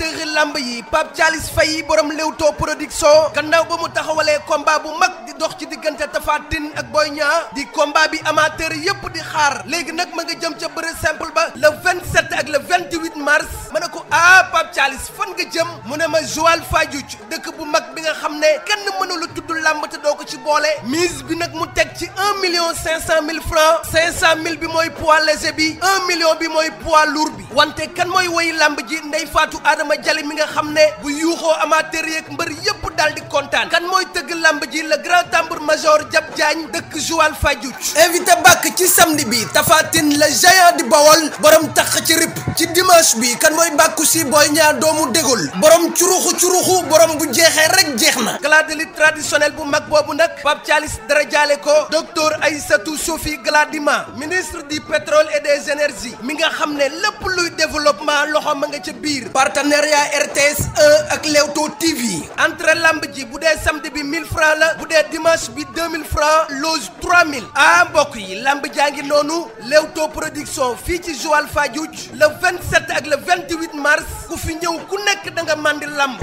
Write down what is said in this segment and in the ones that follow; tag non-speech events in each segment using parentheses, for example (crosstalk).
amateur làmb yi Pape Thialis Faye borom Leewtoo production gannaaw ba mu taxawalee combat bu mag di dox ci diggante Tapha ak Boy ñaar di combat bi amateur yépp di xaar léegi nag ma nga jëm ca bëre simple ba le 27 ak le 28 mars ma ne ko ah Pape Thialis fan nga jëm mu ne ma Joal Fadiouth dëkk bu mag bi nga xam ne kenn mënu la tudd làmb te doo ko ci boole mise bi nag mu teg ci 1 million 500 mille francs 500 mille bi mooy poids léger bi million bi mooy poids lourd bi wante kenn mooy woy lamb ji Ndeye Adama Jali mi nga xam ne bu yuuxoo amateur yeeg mbër yépp daal di kontaan kan mooy tëgg lamb ji le grand tambour major Jab Diagne dëkk Joal Fadiouth invité bàkk ci samedi bi Tafatine la géant di Bawol borom tax ci rip ci dimanche bi kan mooy bàkku si booy ñaar doomu dégul borom curuxu curuxu borom bu jeexee rek jeex na gala de lutte traditionnel bu mag boobu nag Pape Thialis dara jaale ko docteur Aïssatou Sophie Gladima ministre du pétrole et des énergies mi nga xam ne lépp luy développement loxo partenariat RTS 1 ak Leewtoo TV entrée lamb ji bu dee samedi bi mille francs la bu dee dimanche bi 2000 francs loge 3000 ah mbokk yi lamb jaa ngi noonu Leewtoo production fii ci Joal Fadiouth le 27 ak le 28 mars ku fi ñëw ku nekk da nga màndi lamb.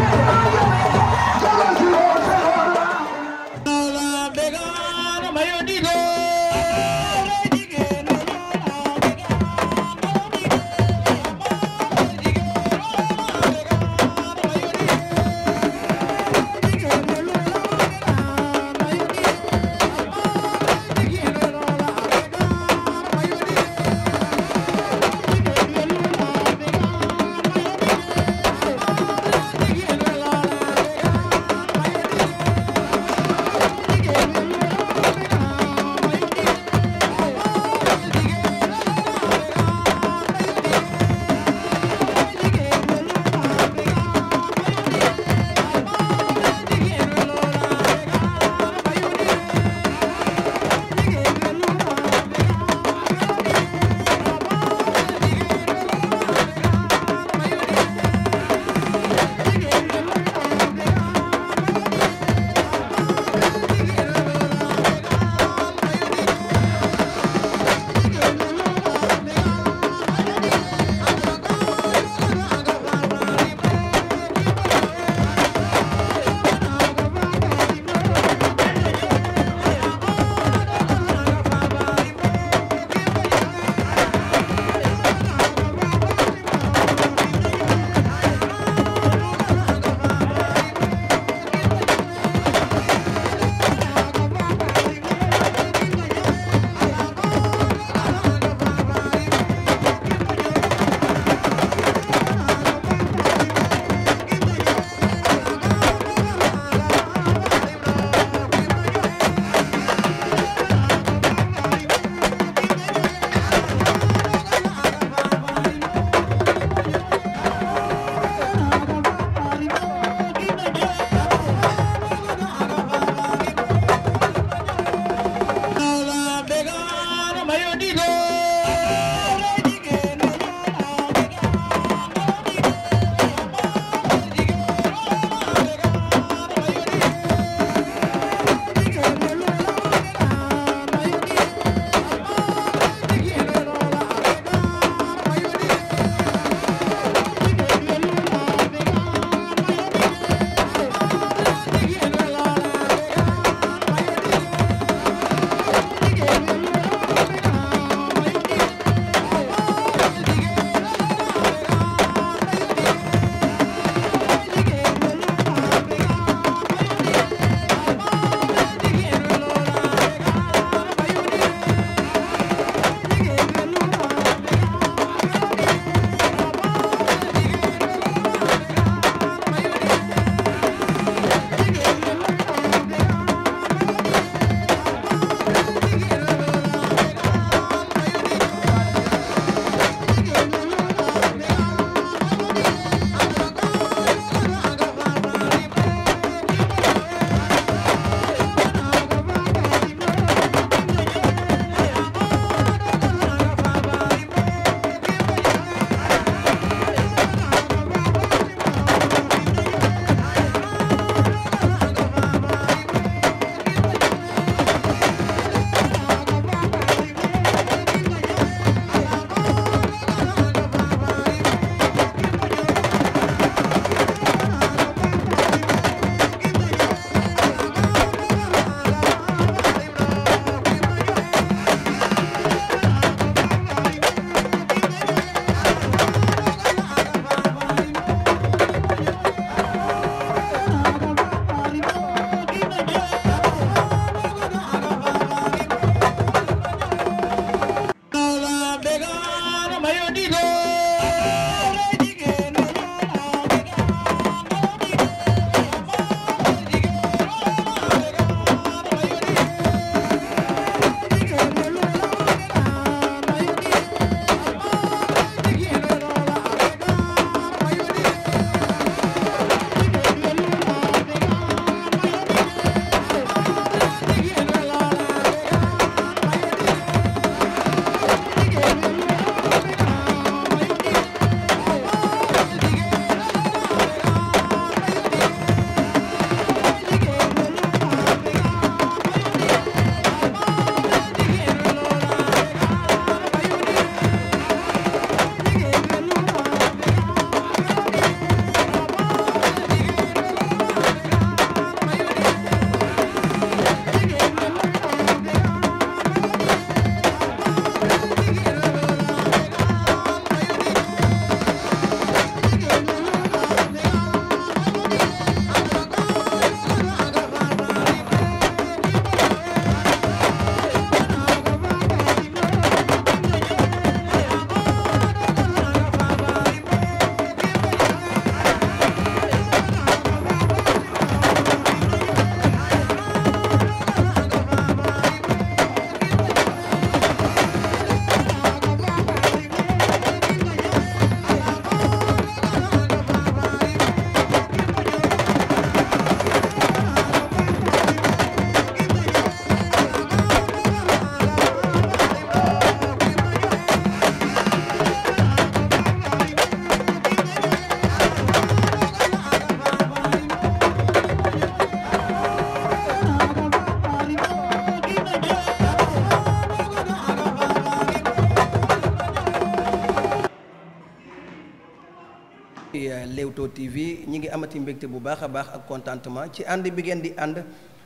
mbégte bu baax a baax ak contentement ci ànd bi geen di ànd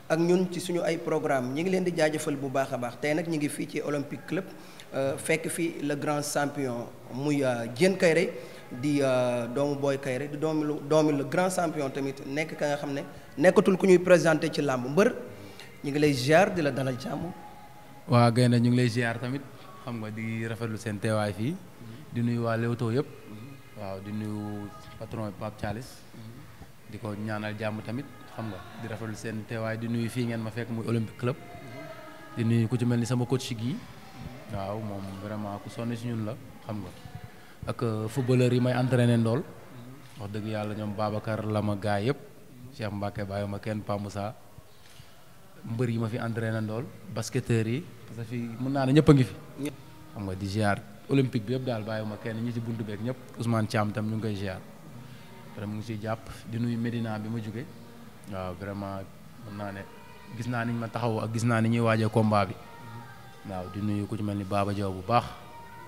ak ñun ci suñu ay programme ñi ngi leen di jaajëfal bu baax a baax tey nag ñu ngi fii ci Olympique Club euh, fekk fi le grand champion muy euh, Diène Kairé di euh, doomu booy Kairé di doomu lu doomu le grand champion tamit nekk ka nga xam ne nekkatul ku ñuy présenté ci làmb mbër ñu ngi lay ziar di la dalal jàmm. waa gaynde ñu ngi lay ziar tamit xam nga di rafetlu seen teewaay fii mm-hmm. di nuyu waa Leewtoo yëpp mm-hmm. waaw di patron di ko ñaanal jàmm tamit xam nga di rafetlu seen teewaay di nuyu fii ngeen ma fekk muy Olympique club di nuyu ku ci mel ni sama coach gi waaw moom vraiment ku sonn si ñun la xam nga ak euh, footballeur yi may entraîné ndool wax dëgg yàlla ñoom Babacar la ma gaa yëpp Cheikh Mbacke bàyyi ma kenn Pa Moussa mbër yi ma fi entraîné ndool basketteurs yi parce que fii mën naa ne ñëpp a ngi fi. xam nga di ziar olympique bi yëpp daal bàyyi ma kenn ñi ci buntu beeg ñëpp Ousmane Thiam tam ñu ngi koy ziar. mu ngi siy jàpp di nuyu Medina bi ma jóge waaw vraiment mën naa ne gis naa niñ ma taxaw ak gis naa ni ñuy waajee combat bi waaw di nuyu ku ci mel ni Baba Diaw bu baax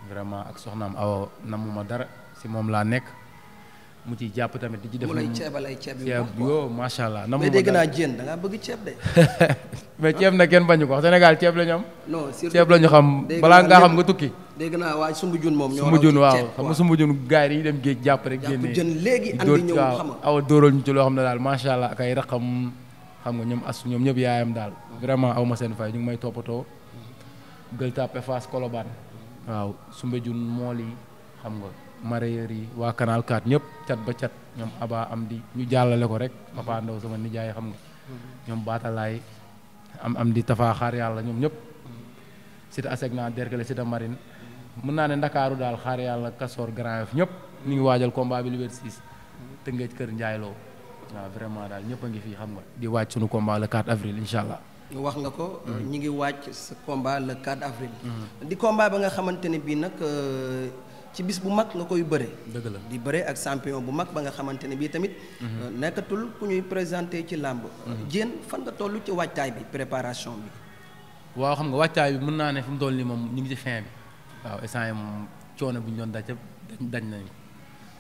vraiment ak soxnaam aw namu ma dara si moom laa nekk mu ciy jàpp tamit di ci def. mu lay ay ceeb yu baax yoo macha allah. namu ma dara mais dégg naa jéen bëgg ceeb (laughs) mais ceeb na kenn bañu ko wax Sénégal ceeb la am. non ceeb la xam balaa ngaa xam nga tukki. dégg naa waaye sumbu jun moom. ñoo raw sumbu jun waaw xam nga sumbu jun yi dem géej jàpp rek. génne jën léegi andi ñëw xam nga loo xam ne daal macha allah ak ay raqam xam nga ñoom as ñëpp yaayam daal. vraiment aw ma seen ñu ngi may toppatoo. Gueule Tapée Fass waaw sumbu jun mool xam nga mareyeur yi waa ñëpp cat ba cat ñoom Aba am di ñu jàllale ko rek. Papa Ndaw xam nga. ñoom Baatalaay am am di tafaaxaar yàlla ñoom ñëpp. sita aseg naa derkale sita marine mën naa ne ndakaaru daal xaar yàlla kasoor Grand Yoff ñëpp ñu ngi waajal combat bi Liberté 6 Tëngéej kër njaayloo waaw vraiment daal ñëpp ngi fi xam nga di waaj sunu combat le 4 avril incha allah wax nga ko hmm. ñi ngi wàcc sa combat le 4 avril hmm. di combat ba nga xamante ne bii nag euh, ci bis bu mag nga koy bëre dëgg la di bëre ak champion bu mag ba nga xamante ne bii tamit hmm. euh, nekkatul ku ñuy présenté ci làmb jén fan nga toll ci waajtaay bi préparation bi waaw xam nga waajtaay bi mën naa ne fi mu toll nii moom ñu ngi ci fin waaw instant yi moom coono bu ñu doon daj dañ nañ ko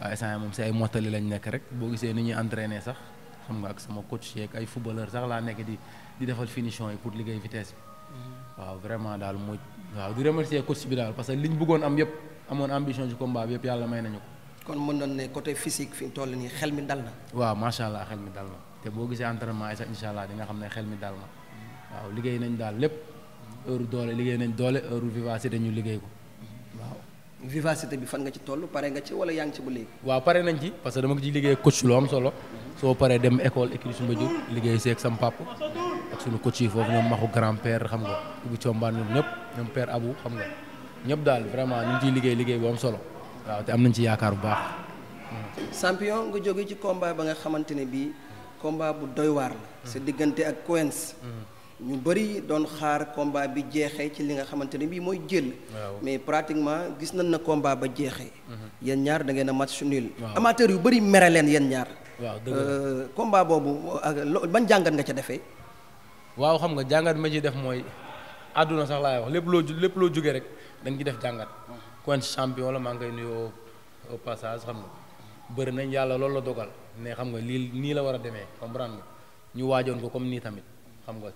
waaw instant yi moom si ay mottali lañ nekk rek boo gisee ni ñuy entraîner sax xam nga ak sama coach yeeg ay footballeur sax laa nekk di di defal finition yi pour liggéey vitesse bi mm-hmm. waaw vraiment daal mooy waaw di remercier coach bi daal parce que li ñu bëggoon am yëpp amoon ambition ci combat bi yëpp yàlla may nañu ko. kon mën nañ ne côté physique fi mu toll nii xel mi dal na. waaw macha allah xel mi dal na te boo gisee entraînement yi allah di nga xam ne xel mi dal na mm-hmm. waaw liggéey nañ daal lépp mm-hmm. heure doole liggéey nañ doole heure vivacité ñu liggéey ko. vivacité bi fan nga ci toll pare nga ci wala yaa ngi ci ba léegi. waaw pare nañ ci parce que dama ko ci liggéey coach lu am solo soo paree dem école écrit su mbaju liggéey seeg sam papa ak suñu coach yi foofu ñoom maxu grand père xam nga ubi combaan ñoom ñëpp ñoom père Abou xam nga ñëpp daal vraiment ñu ngi ciy liggéey liggéey bu am solo waaw te am nañ ci yaakaar bu baax. champion nga jóge ci combat ba nga xamante ne bii combat bu doy waar la. Mm. sa diggante ak Coens. Mm. ñu bëri doon xaar combat bi jeexee ci li nga xamante ne bii mooy jël. mais pratiquement gis nañ na combat ba jeexee. Mhm. yéen ñaar da ngeen a match nul. amateur yu bëri mere leen yéen ñaar. waaw dëgg euh, combat boobu ban jàngat nga ca defee. waaw xam nga jàngat ma ci def mooy àdduna sax laay wax lépp loo lépp loo jógee rek dañ ci def jàngat. kon champion la maa ngi koy nuyoo au passage xam nga bëri nañ yàlla loolu la dogal ne xam nga lii nii la war a demee comprendre nga ñu waajoon ko comme nii tamit xam nga.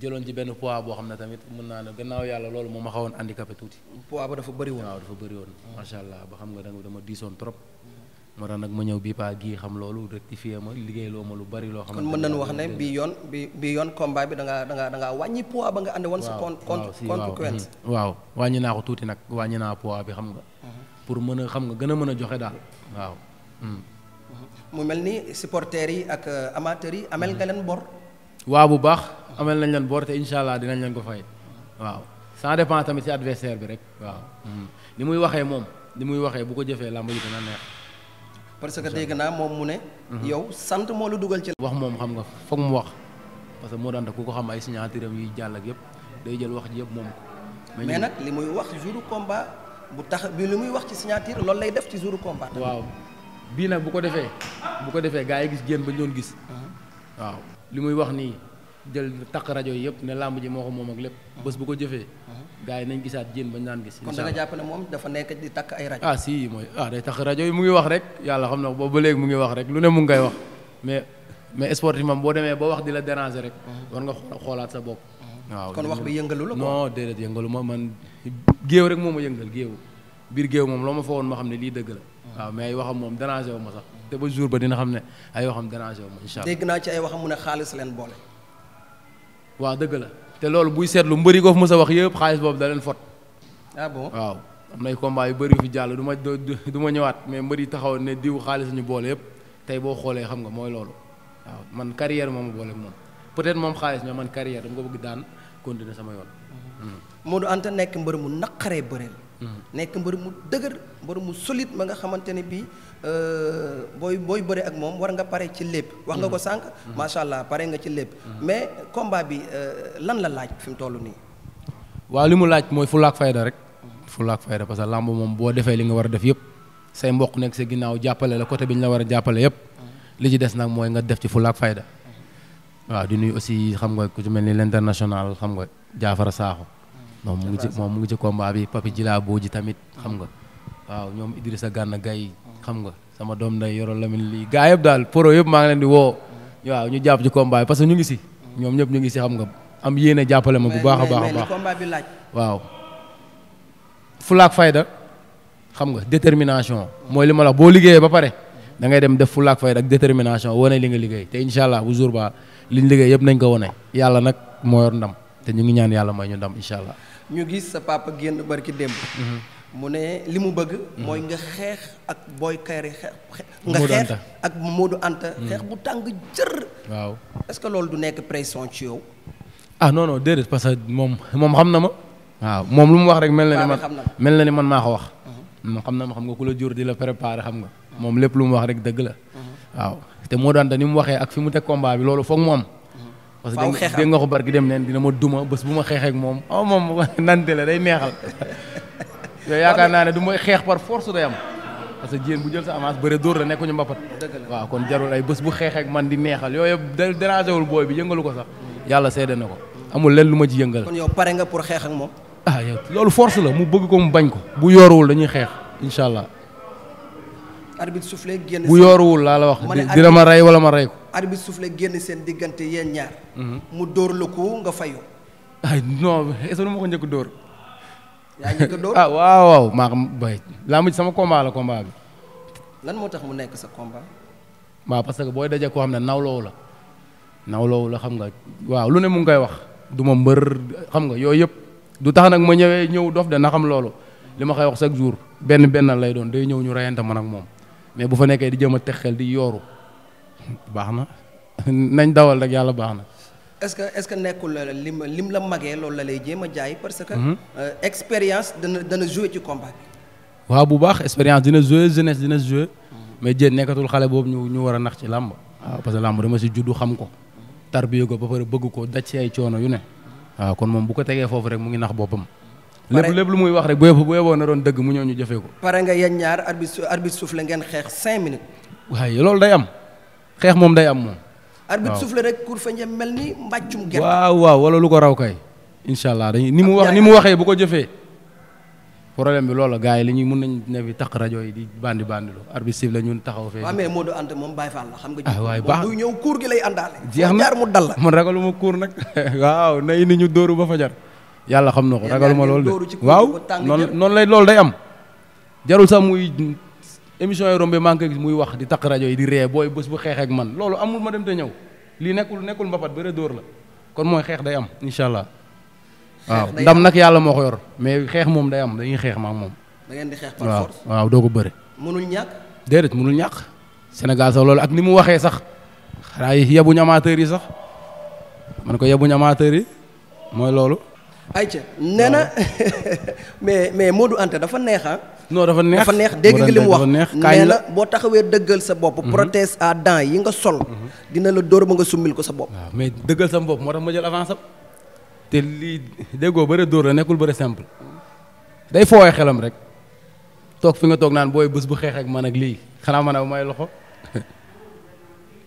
jëloon ci benn poids boo xam ne tamit mën naa ne gannaaw yàlla loolu moo a xawoon handicapé tuuti. poids ba dafa bëri woon waaw allah ba xam nga da dama diisoon trop. ma ñëw bii paa ma liggéeyloo ma lu bari loo xam kon mën nañu wax ne bii yoon da ngaa da ngaa da wàññi poids ba nga ànd woon. sa compte compte mm-hmm. waaw wàññi naa ko tuuti nag wàññi naa poids bi xam nga. Mm-hmm. pour mën a xam nga gën a mën a joxe daal mm. mm-hmm. mu mel ni supporters yi ak euh, amateurs yi amel nga leen bor. waaw bu baax amel nañ leen boor te incha allah dinañ leen ko fay waaw ça dépend tamit ci adversaire bi rek waaw li hmm. muy waxee moom li muy waxee bu ko jëfee làmb ji dina neex parce que dégg naa moom mu ne hmm. yow sant moo la dugal ci wax moom xam nga foog mu wax parce que moo daan ku ko xam ay signature am yuy jàll ak yëpp day jël wax ji yëpp moom ko mais nag li muy wax jour combat bu tax bi li muy wax ci signature loolu lay def ci jour compa waaw bii nag bu ko defee bu ko defee gars yi gis génn ba ñu gis hmm. waaw li muy wax nii jël takk rajo yëpp ne làmb ji moo ko moom ak lépp bés bu ko jëfee gars yi nañ gisaat jéen ba ñu naan gis kon da nga jàpp ne moom dafa nekk di takk ay rajo ah si mooy ah day takk rajo yi mu ngi wax rek yàlla xam na boobu ba léegi mu a wax la déranger rek war nga xoolaat sa bopp waaw kon wax bi yëngalu la non déedéet yëngalu ma man géew rek moo ma yëngal géew biir géew moom loo ma fa ma xam ne lii dëgg la waaw mais ay waxam moom déranger ma sax te ba jour ba dina xam ne ay waxam déranger ma incha allah waaw dëgg la te loolu buy seetlu mbëri ko fi mës a wax yëpp xaalis boobu da leen fot. ah bon waaw am nay yu bëri yu fi jàll du ma du ma ñëwaat mais yi taxaw ne diw xaalis ñu boole yëpp tey boo xoolee xam nga mooy loolu waaw man carrière moom boole moom peut-être moom xaalis mais man carrière dama ko bëgg daan continuer sama yoon. Mhm. Modou Anta nekk mbër mu naqaree bëreel. Mhm. nekk mbër mu dëgër mbër mu solit ma nga xamante ne bii. Euh, booy booy bëre ak moom war nga pare ci lépp. wax nga ko sànq. Mm-hmm. macha allah pare nga ci lépp. Mm-hmm. mais combat bi euh, lan la laaj fi mu toll nii. waaw li mu laaj mooy fulla ak fayda rek. fulla ak fayda parce que làmb moom boo defee li nga war a def yëpp say mboq nekk sa ginnaaw jàppale la côté bi ñu la war a jàppale yëpp. Mm-hmm. li ci des nag mooy nga def ci fulla ak fayda. waaw du nuyu aussi xam nga ku ci mel ni national xam nga Jaafara Saaxo moom mu ngi ci moom mu ngi ci combat bi Papi Jilaa Booji tamit xam waaw ñoom Idrissa Gana Gueye xam nga sama doom nday yoro Lamine lii gaa yëpp daal pro yëpp maa ngi leen di woo waaw ñu jàpp ci combat bi ñu ngi si ñoom ñëpp ñu ngi si xam nga am yéene jàppale ma bu baax a baax a baax combat bi laaj waaw fulaak fayda xam nga détermination mooy li ma la boo liggéeyee ba pare dangay dem def fulaak fayda ak détermination wane li nga liggéey te incha allah bu jour ba liñ liggéey yëpp nañ ko wane yàlla nag moo yor ndam te ñu ngi ñaan yàlla may ñu ndam incha allah mu ne li mu bëgg. Mm-hmm. mooy nga xeex ak booy Kayré xeex. nga xeex ak Modou Anta. Mm-hmm. xeex bu tàng jër. waaw est que loolu du nekk pression ci yow. ah non non déedéet parce que moom moom xam na ma. waaw moom lu mu wax rek mel na ni man mel na ni man maa ko wax. Mm-hmm. moom xam na ma xam nga ku la jur di la préparer xam nga. moom lépp lu mu wax rek dëgg la. waaw te Modou Anta ni mu waxee ak fi mu teg combat bi loolu foog mu am. parce que dégg nga ko barki dem neen dina ma duma bés bu ma xeexee ak moom ah moom (laughs) nante la (laughs) yooyu yaakaar naa ne du mooy xeex par force day am parce que jéen bu jël sa avance bëre dóor la nekkuñu mbapat waaw kon jarul ay bés bu xeexeek man di neexal yooyu yëpp dérangé booy bi yëngalu ko sax yàlla seede na ko amul leen lu ma ci yëngal kon yow pare nga pour xeex ak moom ah, loolu force la mu bëgg ko mu bañ ko bu yooruwul dañuy xeex incha allah arbitre soufflé génn bu yooruwul laa la wax dina ma rey wala ma rey ko arbitre soufflé génn seen diggante yéen ñaar mhm. mu dóor la ko nga fayu ay non est-ce que njëkk dóor yaa njëkk ah waaw waaw maa bay laa mujj sama combat la combat bi. lan moo tax mu nekk sa combat. waaw parce que booy dajee koo xam ne nawloowu la nawloowu la xam nga waaw lu ne mu ngi koy wax du ma mbër xam nga yooyu yëpp du tax nag ma ñëwee ñëw dof de na xam loolu li ma koy wax chaque jour benn benn lay doon day ñëw ñu reyante man nag moom mais bu fa nekkee di jëm a texel di yooru baax na (laughs) nañ dawal rek yàlla baax na. est-ce que est-ce que nekkul lim lim la magee loolu la lay jéem a jaay parce que. Mhm. Euh, expérience dana dana jouer ci combat waaw bu baax expérience dina jouer jeunesse dina jouer. Mhm. mais jéen nekkatul xale boobu ñu ñu war a nax ci làmb. waaw parce que làmb dama si juddu xam ko. Mhm. tarbiye ko ba pare bëgg ko daj si ay coono yu ne. waaw kon moom bu ko tegee foofu rek mu ngi nax boppam. lépp lép lu muy wax rek bu yeboo na doon dëgg mu ñëw ñu jëfee ko. pare nga yéen ñaar arbitre arbitre suuf la ngeen xeex cinq minutes. waaye loolu day am xeex moom day am moom. arbitre souffle rek Cour Fandiam mel ni mbàccum gerte. waaw waaw wala lu ko raw kay. incha allah dañuy ni mu wax ni mu waxee bu ko jëfee. problème bi loolu la gars yi li ñuy mën nañu ne fi taq rajo yi di bandi bandi lu arbitre siffle la ñun taxaw fee. waaw mais Modou Anta moom Baye xam nga. ah waay baax buy ñëw kuur gi lay àndaale. jeex na jaar mu dal mu man ragaluma kuur nag (laughs) waaw na indi ñu dóoru ba fajar. yàlla xam na ko ragaluma loolu de waaw noonu noonu lay loolu day am. jarul sax muy émission yi rombé maa ngi koy muy wax di taq rajo yi di ree booy bés bu xeexeek man loolu amul ma dem te ñëw lii nekkul nekkul mbapat bëre dóor la kon mooy xeex day am incha allah. waaw ndam nag yàlla moo ko yor mais xeex moom day am dañuy xeex ma moom. da ngeen di xeex waaw waaw doo ko bëre. mënul ñàkk. déedéet mënul ñàkk. Sénégal sax loolu ak ni mu waxee sax xanaa yebuñu amateurs yi sax man ko yebu amateurs yi mooy loolu. ayca nee na (laughs) mais mais Modou Anta dafa neexa ah. non dafa neex dafa neex dégg nga li mu wax nee la boo taxawee dëggal sa bopp. Mhm. prothèse à dents yi nga sol. Mhm. dina la dóor ba nga summil ko sa bopp. waaw mais dëggal sa bopp moo tax ma jël avance am te lii déggoo bëre dóor la nekkul bëre simple day fooyee xelam rek toog fi nga toog naan booy bës bu xeex ak man ak lii xanaa man a may loxo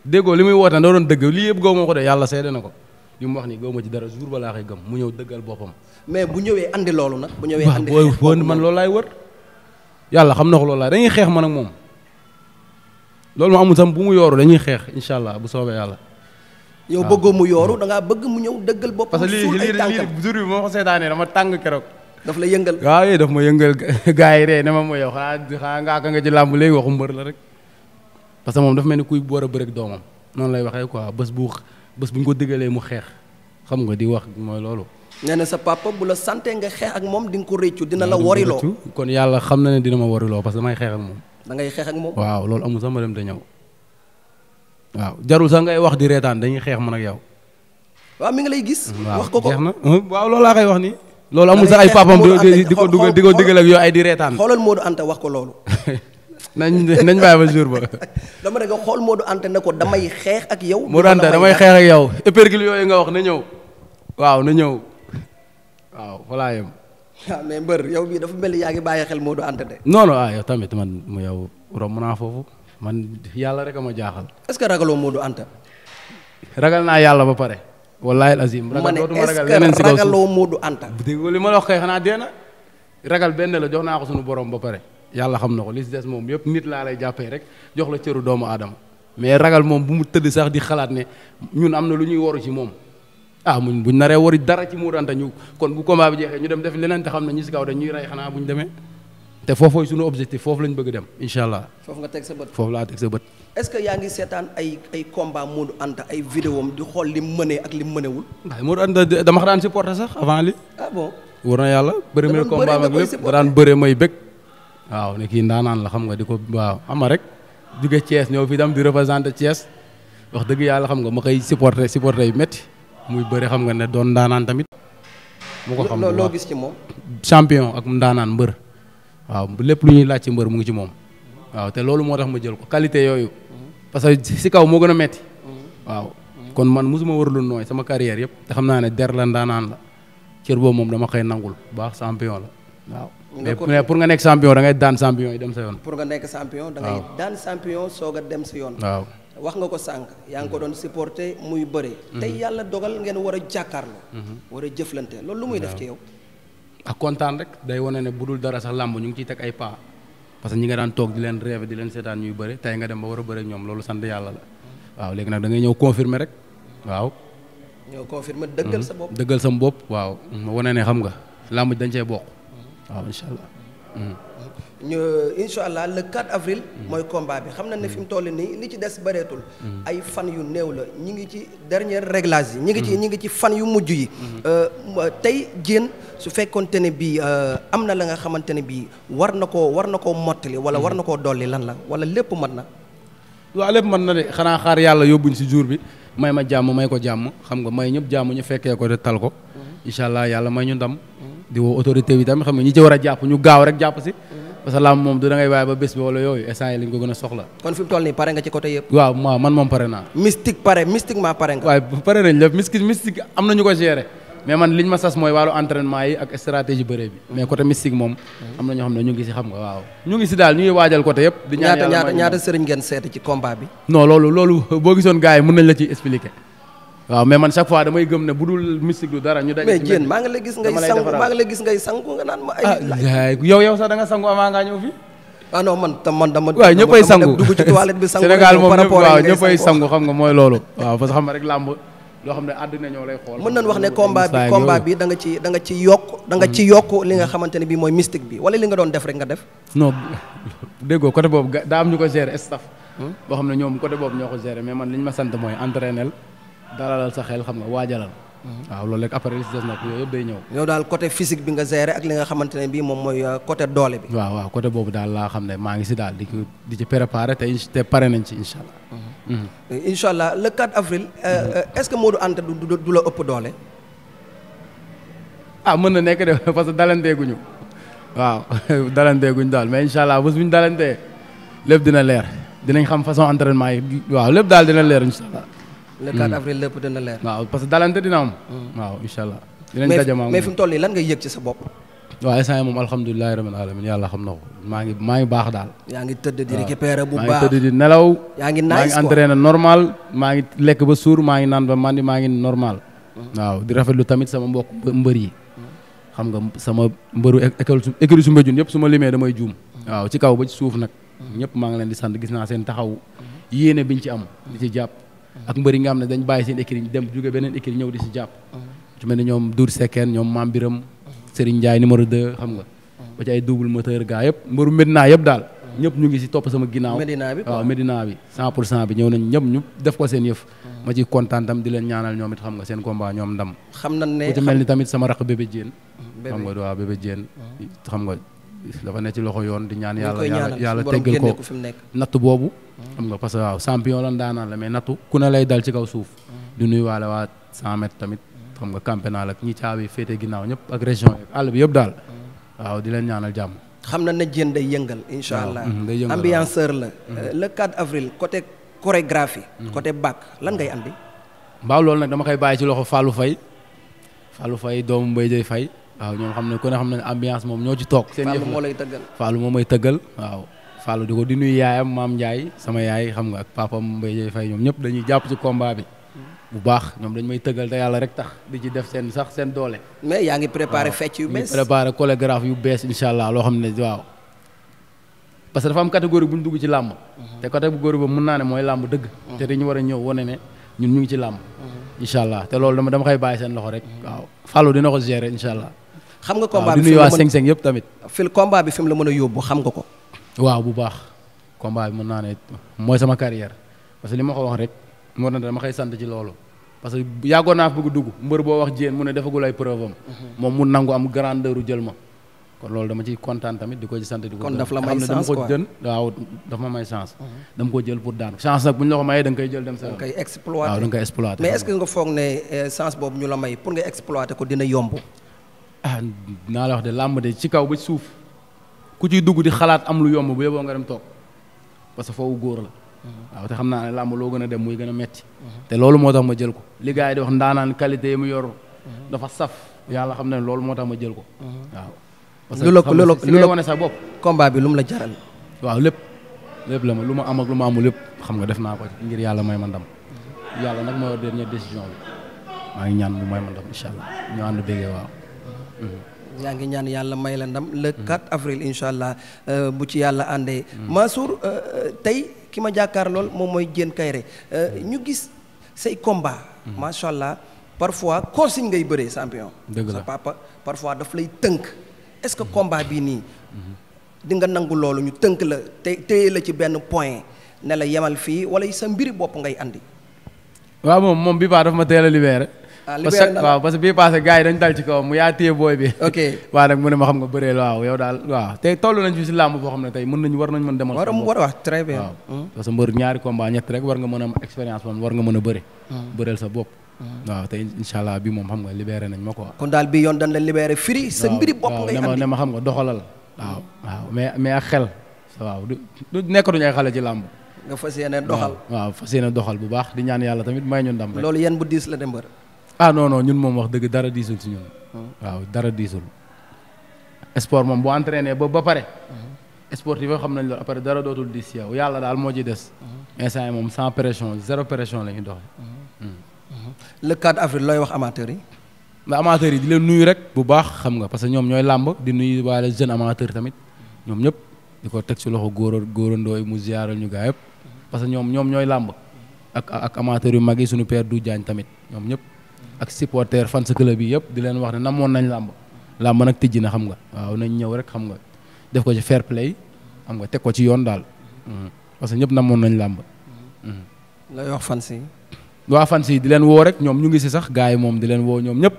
déggoo li muy woote da doon dëgg lii yëpp gaw ma ko de yàlla seede na ko. li mu wax ni gëw ma ci dara jour balaa koy gëm mu ñëw dëggal boppam. mais bu yàlla xam na ko loolu laa dañuy xeex ma nag moom loolu ma amul sam bu mu yooru dañuy xeex incha allah bu soobee yàlla. yow bëggoo mu yooru dangaa bëgg mu ñëw dëggal boppam. suul ay tànkam parce que moo ko seetaanee dama tàng keroog. daf la yëngal waaw yooyu eh, daf ma yëngal (laughs) gars yi ree ne ma ma yow xanaa xanaa ngaa ka nga ci làmb léegi waxu mbër la rek parce que moom dafa mel ni kuy war a bëreeg doomam noonu lay waxee quoi bés bu bës bu ñu ko diggalee mu xeex xam nga di wax mooy loolu nee na sa papa bu la sante nga xeex ak moom di nga ko rëccu dina la wariloo kon yàlla xam na ne dina ma wariloo parce que damay xeex ak moom da xeex ak moom waaw loolu amul sax ma dem te ñëw waaw jarul sax wax di reetaan dañuy xeex man ak yow waaw mi ngi lay gis wax ko ko jeex na waaw loolu laa koy wax ni loolu amul sax ay papam di ko dugal di ko digal ak yow ay di reetaan xoolal Modou Anta wax ko loolu (laughs) nañ nañ bàyyi ba jour ba (laughs) dama ne nga xool Modou Anta ne ko damay xeex ak yow Modou Anta damay xeex yow épergule yooyu nga wax na ñëw waaw na ñëw waaw fa laa yem. waaw mbër yow bii dafa mel ni yaa ngi bàyyi xel Modou Anta de. non non ah yow tamit man mu yow romb naa foofu man yàlla rek a ma jaaxal. est ce que ragaloo Modou Anta. ragal naa yàlla ba pare. wallaahi azim ragal dootuma ragal leneen si kaw suuf ma ne est ce que li ma la kay xanaa dee na ragal benn la jox naa ko sunu borom ba pare yàlla xam na ko li si des moom yëpp nit laa lay jàppee rek jox la cëru doomu aadama mais ragal moom bu mu tëdd sax di xalaat ne ñun am na lu ñuy waru ci moom ah muñ buñ naree wari dara ci Modou Anta ñu kon bu combat bi jeexee ñu dem def leneen te xam na ñu si kaw dañ ñuy rey xanaa bu ñu demee te foofooy suñu objectif foofu lañ bëgg dem incha allah. foofu nga teg sa bët foofu laa teg sa bët. est-ce que yaa ngi seetaan ay ay combat Modou Anta ay vidéo am xool li mu mënee ak li mu mënewul. waaye Modou Anta dama daan supporter sax avant li. ah bon war na yàlla. premier combat am ak lépp da daan bëree may bëgg. waaw ne kii ndaanaan la xam nga di ko waaw xam nga rek jóge Thiès ñëw fii tam di représenté Thiès wax dëgg yàlla xam nga ma koy supporter supporter yu métti muy bëri xam nga ne doon ndaanaan tamit. mu ko xam loo gis ci moom. champion ak ndaanaan mbër. waaw lépp lu ñuy laaj ci mbër mu ngi ci moom. waaw te loolu moo tax ma jël ko qualité yooyu. parce que si kaw moo gën a metti waaw kon man mosuma war lu nooy sama carrière yëpp. te xam naa ne der la ndaanaan la. cër boobu moom dama koy nangul baax champion la waaw. mais pour nga nekk champion da daan champion yi sa yoon. pour nga nekk champion da ngay dem si yoon. waaw wax nga ko sànq yaa ngi ko doon supporté muy bëre. Mhm. tey yàlla dogal ngeen war a jàkkaarloo. Mhm. war a jëflante loolu lu muy def ci yow. ak kontaan rek day wane ne bu dul dara sax làmb ñu ngi ciy teg ay pas parce que ñi nga daan toog di leen rêve di leen seetaan ñuy bëre tey nga dem ba war a bëre ñoom loolu sant yàlla la. waaw léegi nag da ngay ñëw confirmer rek waaw. ñëw confirmer dëggal sa mhm. bopp dëggal sa bopp waaw. ma wane ne xam nga làmb dañ cee bokk. waaw ñu incha allah le 4 avril. mooy combat bi xam na ne fi mu toll nii li ci des bëreetul. ay fan yu néew la ñu ngi ci dernier réglage yi. ñu ngi ci ñi ngi ci fan yu mujj yi. Euh, tey jéen su fekkonte ne bii euh, am na la nga xamante ne bii war na koo war na koo mottali wala war na koo dolli lan la wala lépp mën na. waaw lépp mën na de xanaa xaar yàlla yóbbuñ si jour bi may ma jàmm may ko jàmm xam nga may ñëpp jàmm ñu fekkee ko de tal ko. incha allah yàlla may ñu ndam. di woo autorité bi tamit xam nga ñi ci war a jàpp ñu gaaw rek jàpp si. parce que làmb moom du da ngay waaye ba bés bi wala yooyu instant yi ko gën a soxla. kon fi mu nii pare nga ci côté yëpp. waaw man moom pare naa. mystique pare mystiquement pare nga. waaye pare nañ lépp mystique am na ko gérer mais man liñ ma sas mooy wàllu entraînement yi ak stratégie bëree bi mais côté mystique moom. am na ñoo xam ne ñu ngi si xam nga waaw. ñu ngi si daal ñu waajal côté yëpp. di ñaata ñaata sëriñ ngeen seeti ci combat bi. non loolu loolu boo gisoon gars yi waaw mais man chaque fois damay gëm ne bu dul mystique du dara ñu daj. mais jéen maa ngi la gis ngay sangu maa ngi la gis ngay sangu nga naan ma ay. Ah, yow yow sax da nga sangu avant ngaa ñëw fi ah man tam man dama. waaw ñëppay sangu dugg ci toilette bi (laughs) sangu Sénégal moom waaw ñëppay mooy loolu. waaw loo xam ne àddina ñoo lay xool. mën nañu wax ne combat bi combat nga ci nga yokk da ci hmm. yokk li nga xamante ne bii mooy mystique bi wala li nga doon def rek nga def. (laughs) déggoo côté boobu daa am ñu ko gérer staff. Hmm? boo xam ne ñoom côté boobu ñoo ko gérer mais man li ñu ma sant mooy entraîner dalalal sa xel xam nga waajalal. waaw loolu rek après li si des nag yooyu yëpp day ñëw. yow daal côté physique bi nga gérer ak li nga xamante ne bii moom mooy euh, côté doole bi. waaw waaw boobu daal laa xam ne maa ngi si daal di di ci préparer te te pare nañ ci incha allah. Mm-hmm. Mm-hmm. Euh, incha allah le 4 avril. Euh, mm-hmm. est-ce que Modou Anta du du la ëpp doole. ah mën na nekk de (laughs) parce que dalanteeguñu. waaw (laughs) dalanteeguñu daal mais incha allah bés bu ñu dalantee lépp dina leer dinañ xam façon entraînement yi waaw lépp daal dina leer incha allah. le 4 hmm. avril lépp dina leer. waaw parce que dalante dina am. Hmm. waaw incha allah. dinañ daje maam mais fi toll nii lan ngay yëg ci sa bopp. waaw instant moom alhamdulilah rabbil alamin yàlla xam maa ngi maa ngi baax daal. yaa ngi tëdd di récupérer bu baax maa normal. maa ngi lekk ba suur maa ngi naan ba mandi maa ngi normal. Hmm. waaw di rafetlu tamit sama mbokk mbër yi. xam nga sama mbëru école su école su mbéjun yëpp su ma limee damay juum. waaw ci kaw ba ci suuf nag. ñëpp maa ngi leen di sant gis naa seen taxaw. yéene biñ ci am di ci jàpp. ak mbër yi nga xam ne dañ bàyyi seen écurie dem jóge beneen écurie ñëw di si jàpp ci mel ne ñoom Dour Sekeen ñoom Mam Biram Serigne Ndiaye numéro 2 xam nga ba ci ay double moteur gaa yëpp mbëru Medina yëpp daal ñëpp ñu ngi si topp sama ginnaaw waaw Medina bi cent pour cent bi ñëw nañ ñëpp ñu def ko seen yëf ma ci kontaan tam di leen ñaanal ñoom it xam nga seen combat ñoom ndam xam nañ ne ku ci mel ni tamit sama rakk bébé Diène xam nga waaw bébé Diène xam nga dafa ne ci loxo yoon di ñaan yàlla yàlla teggal ko natt boobu xam nga parce que waaw champion lan daanaan la mais nattu ku ne lay dal ci kaw suuf. du nuyuwaale waa 100 mètres tamit. xam nga campé naa la ak ñi caabi féete ginnaaw ñëpp ak région bi yëpp daal. waaw di leen ñaanal jàmm. xam na ne Diène day yëngal. incha allah (laughs) ambianceur la. Mm-hmm. Euh, la 4 avril côté chorégraphie. Mm-hmm. côté bac lan ngay andi. mbaaw loolu nag dama kay bàyyi ci loxo Fallou Faye Fallou Faye doomu Mbaye Dieye Faye waaw ñoom xam ne ku xam ne ambiance moom ñoo ci toog. seen yëf Fallou di ko di nuyu yaayam maam Ndiaye sama yaay xam nga ak papam Mbaye Ndiaye Faye ñoom ñëpp dañuy jàpp ci combat bi mm. bu baax ñoom dañ may tëggal te yàlla rek tax di ci def seen sax seen doole. mais yaa ngi préparé fecc yu bees préparé chorégraphe yu bees incha allah loo xam ne waaw. parce dafa am catégorie bu ñu dugg ci làmb. Mm-hmm. te catégorie boobu mën naa ne mooy làmb dëgg. Mm-hmm. te dañu war a ñëw wane ne ñun ñu ngi ci làmb. Mm-hmm. incha allah te loolu dama dama koy bàyyi seen loxo rek. waaw Fallou dina ko gérer incha la mën waaw di nuyu waa 5-5 yëpp tamit. a yóbbu waaw bu baax combat bi mën naa ne mooy sama carrière parce que li ma ko wax rek moo tax dama koy sant ci loolu parce que yàggoon naa bëgg dugg mbër boo wax jéen mu ne defagul preuve mhm. ma. kon loolu dama ma may chance. Mhm. dama ko jël pour daan chance nag bu ñu la ko mayee da nga koy jël dem. sa da nga koy waaw da nga koy exploité. mais est-ce que nga foog ne eh, chance boobu ko dina yomb. Ah, naa la wax de làmb de ci kaw ba suuf. ku ciy dugg di xalaat am lu yomb bu yeboo nga dem toog parce que foofu góor la waaw te xam naa ne làmb loo gën a dem muy gën a metti te loolu moo tax ma jël ko li yi di wax ndaanaan qualité mu yor dafa saf yàlla xam ne loolu moo tax ma jël ko waaw parce que lu la wane sa bopp combat bi lu mu la jaral waaw lépp lépp la ma lu ma am lu ma amul lépp xam nga def naa ko ngir yàlla may ma ndam yàlla nag moo yor maa ngi ñaan mu may ma ndam incha allah ñu ànd béggee waaw yaa ngi ñaan yàlla may la ndam le 4 avril incha allah euh, bu ci yàlla àndee. Mansour euh, euh, tey ki ma jàkkaar lool moom mooy Diène Kairé ñu gis say combat. macha allah parfois consigne ngay bëree champion. dëgg la sa papa parfois daf lay tënk est-ce que combat bii nii. di nga nangu loolu ñu tënk la tey téye la ci benn point ne la yemal fii wala sa mbiri bopp ngay àndi waa moom moom bi baa dafa ma teel a libéré. parce ah, que waaw parce que bii passé gars yi dañ dal ci kaw mu yaa téye booy bi ok (laughs) waaw nag mu ne ma xam nga bëreel waaw yow daal waaw tey toll nañ fi si làmb boo xam ne tey mën nañ war nañ mën demal a wax très bien waaw hmm. parce que mbër ñaari combat ñett rek a am a hmm. hmm. bi moom xam nga libéré nañ ma quoi kon daal bi yoon dañ la libéré firi sa mbiri bopp ne ma xam nga doxalal waaw waaw ak xel waaw nekkatuñu ay xale ci làmb nga fas yéene doxal waaw fas yéene doxal bu baax di ñaan yàlla tamit may ñu ndam loolu ah non ñun moom wax dëgg dara diisul si ñun. Hmm. waaw dara diisul. sport moom bu entraîné ba ba pare. Hmm. sportif xam nañ loolu après dara dootul diis yow yàlla daal moo ci des. Hmm. instant yi moom sans pression zéro pression la ñu doxee. le 4 avril looy wax amateur yi. ndax amateurs yi di leen nuyu rek bu baax xam nga parce que ñoom ñooy làmb di nuyu waale jeune amateur tamit ñoom ñëpp di ko teg si loxo góor góorandooy mu ziaral ñu gaa yëpp parce que ñoom ñoom ñooy làmb ak ak amateurs yu mag yi suñu père du jaañ tamit ñoom ñëpp. ak supporter fan sa club yi yëpp di leen wax ne namoon nañ làmb làmb nag tijji na xam nga waaw nañ ñëw rek xam nga def ko ci fair play xam nga teg ko ci yoon daal hmm. parce que ñëpp namoon nañ làmb. Hmm. lay wax fan si. waa fan si di leen woo rek ñoom ñu ngi si sax gars yi moom di leen woo ñoom ñëpp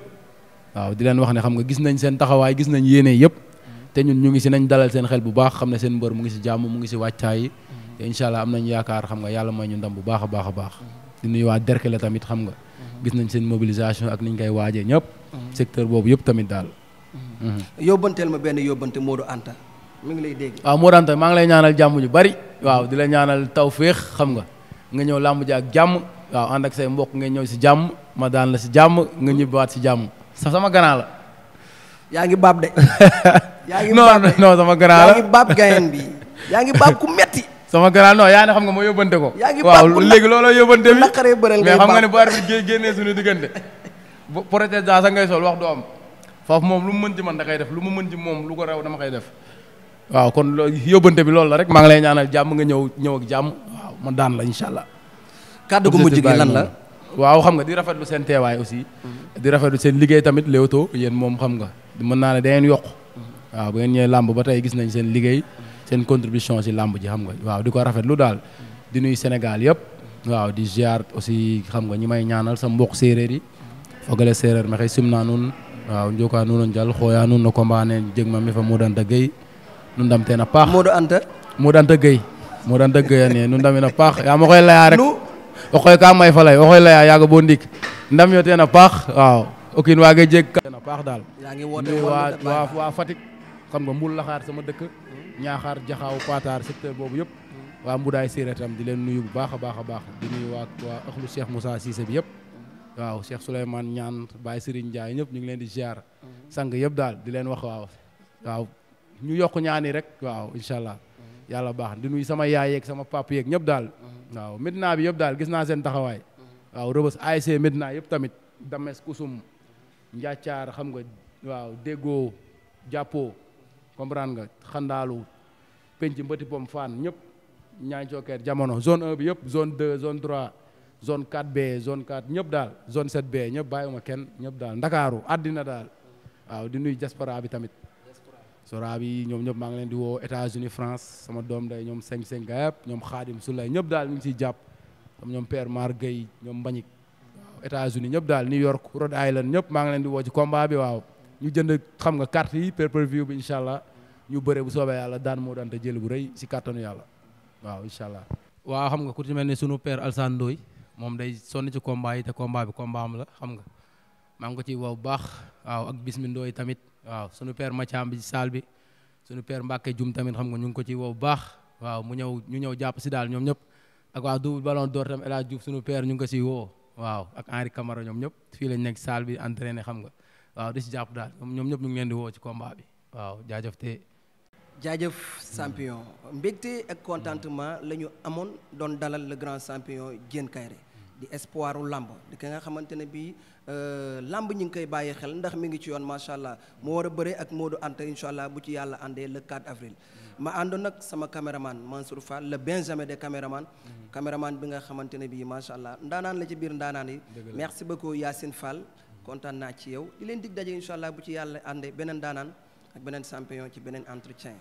waaw di leen wax ne xam nga gis nañ seen taxawaay gis nañ yéene yëpp hmm. te ñun ñu ngi si nañ dalal seen xel bu baax xam ne seen mbër mu ngi si jàmm mu ngi si wàccaay yi te incha allah yaakaar xam nga yàlla may ñu ndam bu baax a baax a baax di nuyu waa Derkele tamit xam nga Mm-hmm. gis nañ seen mobilisation ak niñ koy waajee ñëpp. Mm-hmm. secteur boobu yëpp tamit daal. Mm-hmm. yóbbanteel ma benn yóbbante Modou Anta mi ngi lay dégg. waaw Modou Anta maa ngi lay ñaanal jàmm ju bari. waaw di la ñaanal tawféex xam nga nga ñëw làmb ji ak jàmm. waaw ànd ak say mbokk nga ñëw si jàmm ma daan la si jàmm nga ñibbaat si jàmm sax sama ganaa la. yaa ngi baab de. (laughs) yaa ngi baab non non sama ganaa la yaa ngi baab ku metti sama grand non yaa xam nga ma yóbbante ko. yaa ngi waaw léegi looloo yóbbante bi naqaree bëreel mais xam nga ne bu arbitre génnee suñu diggante bu protestant sax ngay sol wax du am moom lu mu mën ci man da koy def lu mu mën ci moom lu ko raw dama koy def waaw kon loolu yóbbante bi loolu la rek maa ngi lay ñaanal jàmm nga ñëw ñëw ak jàmm waaw daan la incha allah. kàddu gu mujj gi lan la waaw xam nga di rafetlu seen teewaay aussi. Mm-hmm. di rafetlu seen liggéey tamit Leewtoo yéen moom xam nga mën naa ne da ngeen yokk mm-hmm. waaw ba ngeen ñëwee làmb ba tey gis nañ seen liggéey seen contribution si làmb ji xam nga waaw di ko rafetlu daal di nuyu Sénégal yëpp waaw di ziar aussi xam nga ñi may ñaanal sa mbokk séeréer yi fogale séeréer maxey simna nuun waaw njokaa nuuno njal xooya nuun no combaane jeg ma mi fa ndam teen a paax Modou Anta Modou Anta Gueye Modou a ne nu ndamin a paax yaa ma koy layaa rek o xooy ka may fa lay o xooy layaa yaaga bo ndik ndam yo teen a paax waaw o kiin waage jeg teen a paax daal waa Fatick xam nga mbul laxaar sama dëkk ñaaxaar jaxaaw paataar secteur boobu yëpp waa mbudaay séeréer tam di leen nuyu bu baax a baax a baax di nuyu waa waa axlu Cheikh Moussa Cissé bi yëpp waaw Cheikh Souleymane ñaan Baye Serigne Ndiaye ñëpp ñu ngi leen di ziar sang yëpp daal di leen wax waaw waaw ñu yokk ñaani rek waaw incha allah yàlla baax di nuyu sama yaay yeeg sama papa yeeg ñëpp daal waaw Medina bi yëpp daal gis naa seen taxawaay waaw Rebeuss ASC Medina yëpp tamit Dames Kusum Njaacaar xam nga waaw déggoo comprendre nga xandaalu penc mbëti pom fan ñëpp ñaañ cookeer jamono zone 1 bi yëpp zone 2 zone 3 zone 4B zone 4 ñëpp daal zone 7B ñëpp bàyyiwuma kenn ñëpp daal ndakaaru àddina daal waaw di nuy diaspora bi tamit diaspora bi ñoom ñëpp maa ngi leen di woo États-Unis France sama doom day ñoom seng seng yëpp ñoom xaadim sulay ñëpp daal ñu ngi jàpp comme ñoom Père Mar Gueye ñoom Mbagnick waaw États-Unis ñëpp daal New York Rhode Island ñëpp ñu bëre bu soobee yàlla daan moo daan te jël bu rëy si kàttanu yàlla waaw incha allah. waaw xam nga ku ci mel ne sunu père Alsane Ndoye moom day sonn ci combat te combat bi combat am la xam nga maa ngi ko ciy wow bu baax waaw ak Bismi Ndoye tamit waaw sunu père Mathiam bi ci bi sunu père Mbacke Dioum tamit xam nga ñu ngi ko ciy wow bu baax waaw mu ñëw ñu ñëw jàpp si daal ñoom ñëpp ak waa double ballon d'or tam El Hadj ñu ngi ko ciy wow ak Henri Camara ñoom ñëpp fii lañ nekk saal bi entraîné xam nga waaw di si jàpp daal ñoom ñëpp ñu ngi leen di woo ci combat bi waaw jaajëf jaajëf champion mbégte ak contentement la ñu amoon doon dalal le grand champion Diène Kaïré di espoiru làmb di ki nga xamante ne bii euh, làmb ñi ngi koy bàyyi xel ndax mi ngi ci yoon macha allah mu war a bëre ak Modou Anta incha allah bu ci yàlla àndee le 4 avril. Mm. ma àndoon nag sama caméraman Mansour Fall le benjamin des caméraman mm. caméraman bi nga xamante ne bii macha allah ndaanaan la ci biir ndaanaan yi. merci beaucoup Yacine Fall kontaan naa ci yow di leen dig daje incha allah bu ci yàlla àndee beneen daanaan ak beneen ci beneen entretien.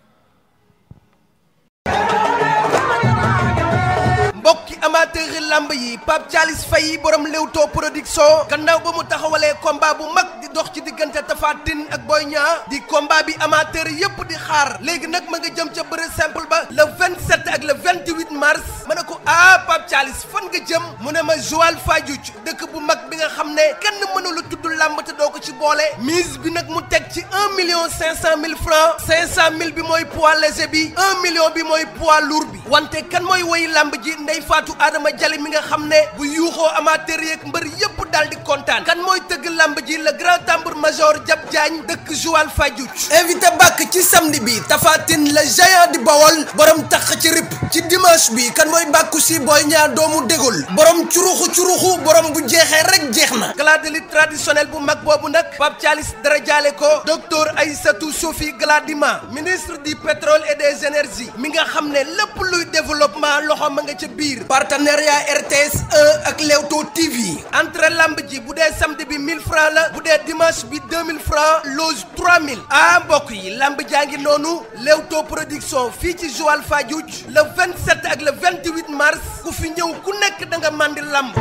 amateur lamb yi Pape Thialis Faye borom Leewtoo production gannaaw ba mu taxawalee combat bu mag di dox ci diggante Tapha Tine ak Boy Niang di combat bi amateur yépp di xaar léegi nag ma nga jëm ca bëre simple ba le 27 ak le 28 mars ma ne ko ah Pape Thialis fan nga jëm mu ne ma Joal Fadiouth dëkk bu mag bi nga xam ne kenn mënu la tudd lamb te doo ko ci boole mise bi nag mu teg ci un million cinq cent mille francs cinq cent mille bi mooy poids léger bi million bi mooy poids lourd bi wante kan mooy woy lamb ji ndey faatu aadama Jali mi nga xam ne bu yuuxoo amateur yeeg mbër yépp daal di kontaan kan mooy tëgg lamb ji le grand tambour major Jab Diagne dëkk Joal Fadiouth invité bàkk ci samedi bi Tafatine la géant di Bawol borom tax ci rip ci dimanche bi kan mooy bàkku si booy ñaar doomu dégul borom curuxu curuxu borom bu jeexee rek jeex na. galaat de lutte bu mag boobu nag Pape Thialis dara ko ko docteur Aïssatou Sophie Gladima ministre du pétrole et des énergies mi nga xam ne lépp luy développement loxo a nga ca biir partenariat RTS 1 ak Leewtoo TV entre lamb ji bu dee samedi bi mille francs la bu dee dimanche bi mille francs loge 3000 ah mbokk yi lamb jaa ngi noonu Leewtoo production fii ci Joal Fadiouth le 27 ak le 28 mars ku fi ñëw ku nekk danga nga màndi lamb